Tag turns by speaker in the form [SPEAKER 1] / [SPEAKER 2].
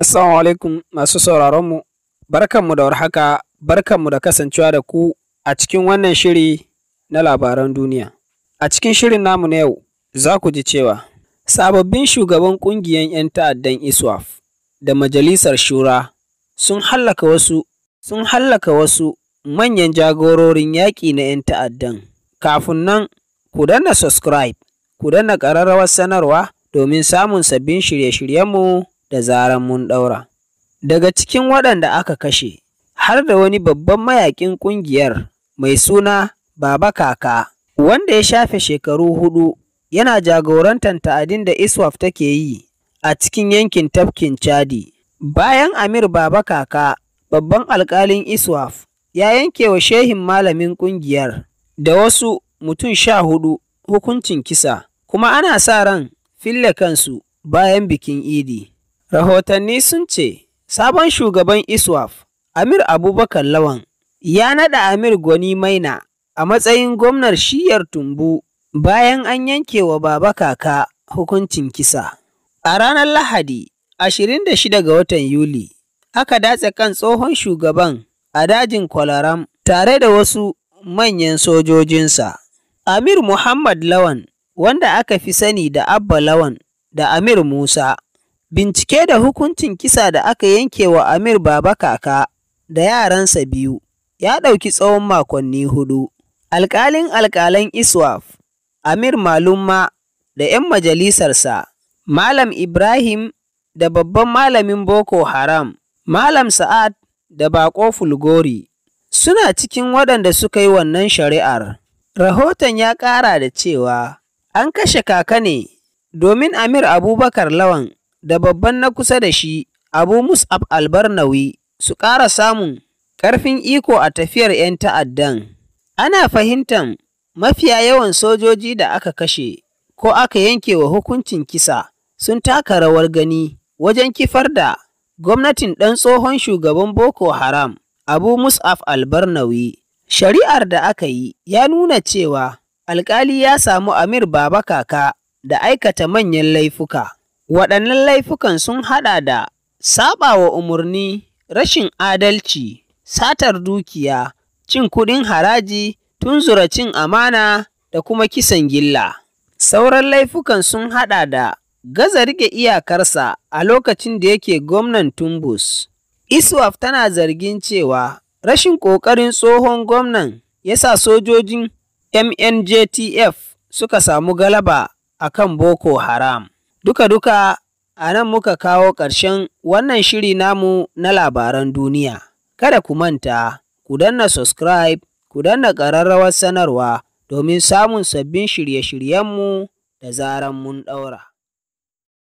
[SPEAKER 1] Assalamu alaikum masu sauraronmu, barkanmu da warhaka, barkanmu da kasancewa da ku a cikin wannan shiri na labaran duniya. A cikin shirin namu na yau, za ku ji cewa sababbin shugaban ƙungiyar 'yan ta'addan ISWAF da Majalisar Shura sun hallaka wasu sun hallaka wasu manyan jagororin yaƙi na 'yan ta'addan. Kafin nan, ku danna subscribe, ku danna ƙararrawar sanarwa domin samun sabbin shirye-shiryenmu da zaran mun ɗaura. Daga cikin waɗanda aka kashe, har da wani babban mayaƙin ƙungiyar mai suna Baba Kaka, wanda ya shafe shekaru huɗu yana jagorantar ta'adin da ISWAF take yi a cikin yankin tafkin Chadi. Bayan Amir Baba Kaka, babban alƙalin ISWAF ya yanke wa shehin malamin ƙungiyar da wasu mutum sha hudu hukuncin kisa, kuma ana sa ran fille kansu bayan bikin Idi. Rahotanni sun ce, sabon shugaban ISWaf, Amir Abubakar Lawan, ya naɗa Amir Gwani Maina a matsayin gwamnar shiyar Tumbu bayan an yanke wa Baba Kaka hukuncin kisa. A ranar Lahadi, 26 ga watan Yuli, aka datse kan tsohon shugaban a dajin Kwalaram tare da wasu manyan sojojinsa. Amir Muhammad Lawan, wanda aka fi sani da Abba Lawan da Amir Musa, Bincike da hukuncin kisa da aka yanke wa Amir Baba Kaka da yaransa biyu ya ɗauki tsawon makonni hudu. Alƙalin alƙalan Iswaf, Amir Malumma da 'yan majalisarsa, Malam Ibrahim da babban malamin Boko Haram, Malam Sa'ad da Bako Fulgori, suna cikin waɗanda suka yi wannan shari'ar. Rahoton ya ƙara da cewa an kashe kaka ne domin Amir Abubakar Lawan da babban na kusa da shi Abu Mus'ab Albarnawi su ƙara samun ƙarfin iko a tafiyar 'yan ta'addan. Ana fahimtar mafiya yawan sojoji da aka kashe ko aka yanke wa hukuncin kisa sun taka rawar gani wajen kifar da gwamnatin ɗan tsohon shugaban Boko Haram Abu Mus'ab Albarnawi. Shari'ar da aka yi ya nuna cewa alkali ya samu Amir Baba Kaka da aikata manyan laifuka. Waɗannan laifukan sun haɗa da saɓawa umarni, rashin adalci, satar dukiya, cin kuɗin haraji, tunzura cin amana da kuma kisan gilla. Sauran laifukan sun haɗa da gaza rike iyakarsa a lokacin da yake gwamnan Tumbus. Iswaf tana zargin cewa rashin ƙoƙarin tsohon gwamnan ya sa sojojin MNJTF suka samu galaba a kan Boko Haram. Duka-duka a nan muka kawo ƙarshen wannan shiri namu na labaran duniya. Kada ku manta, ku danna subscribe, ku danna ƙararrawar sanarwa domin samun sabbin shirye-shiryenmu da zaran mun ɗaura.